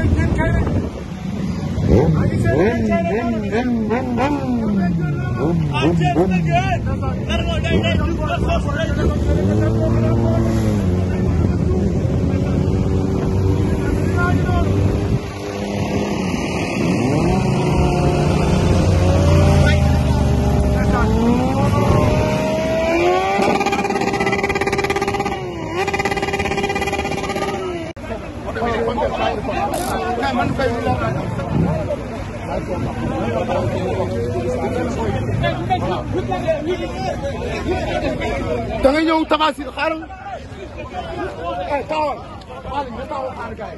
Thank you. da nga ñëw Taphatine xaaral eh taawal xaaral nga taawal xaar gaay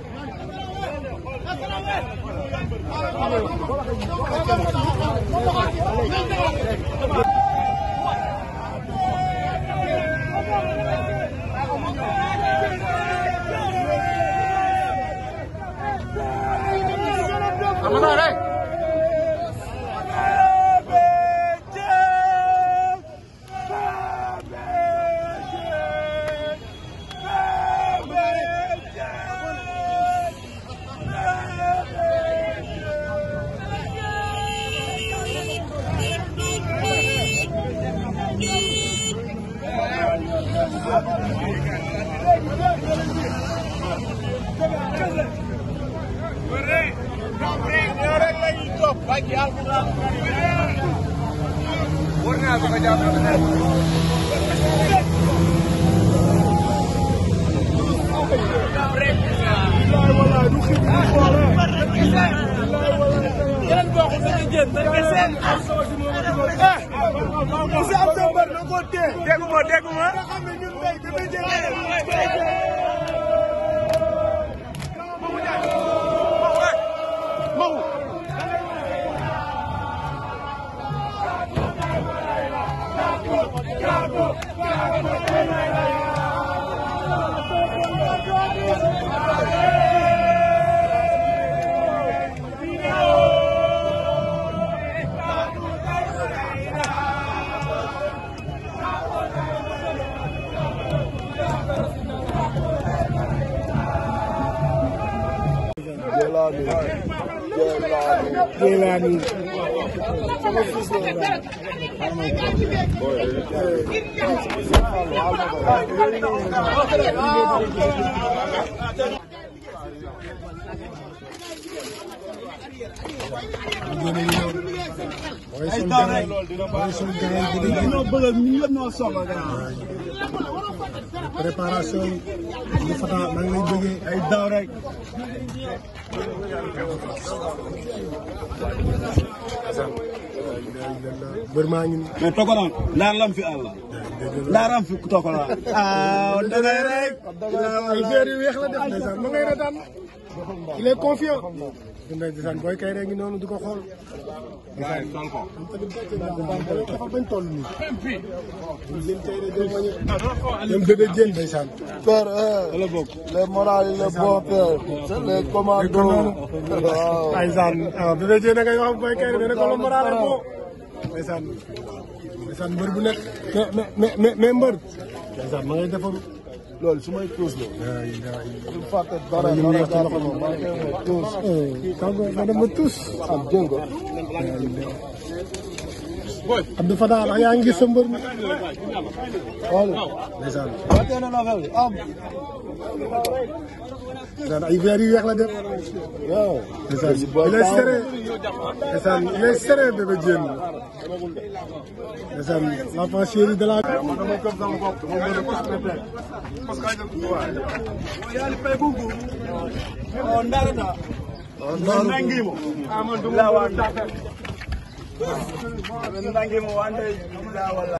yi 过来。Pagi Alkitab. Murni aku Pena, pena, yani Yine yine ay taw rek mooy suñu gàncax gi ñëpp ñoo bëgg ñëpp ñoo soxla gàncax préparation yi Fata maa ngi lay bëggee ay taw rek. mbër maa ngi nii. mais Togolaan ndaar lam fi àll. ndaaram fi Togolaan. ah on dangay rek. ay weer yu weex la def ndeysaan mu ngay retaan il est confiant. ndeysaan booy kay rek ngi noonu di ko xool. am tamit gàcce naa la waaye dana toll nii. jën tey de jën bañ a. ñoom gën a jën ndeysaan. père les morales les bons nga jën da ngay wax ak béykat yi ne ne ko la morale bon. ndeysaan mbër bu nekk mais mbër. ndeysaan ma ngay defaru. loolu su ma tuus la. bu fàtte dara dara dara ko maa ngi koy tuus. kii kii kii kii kii kii kii Abdou Fatah ndax yaa ngi gis sa mbër mi xool ndeysaan ndeysaan ay verre yu weex la def waaw ndeysaan il est serré ndeysaan il est serré bébé Diène ndeysaan l'enfant chéri de la Ndarata منم باگیم واندی نداور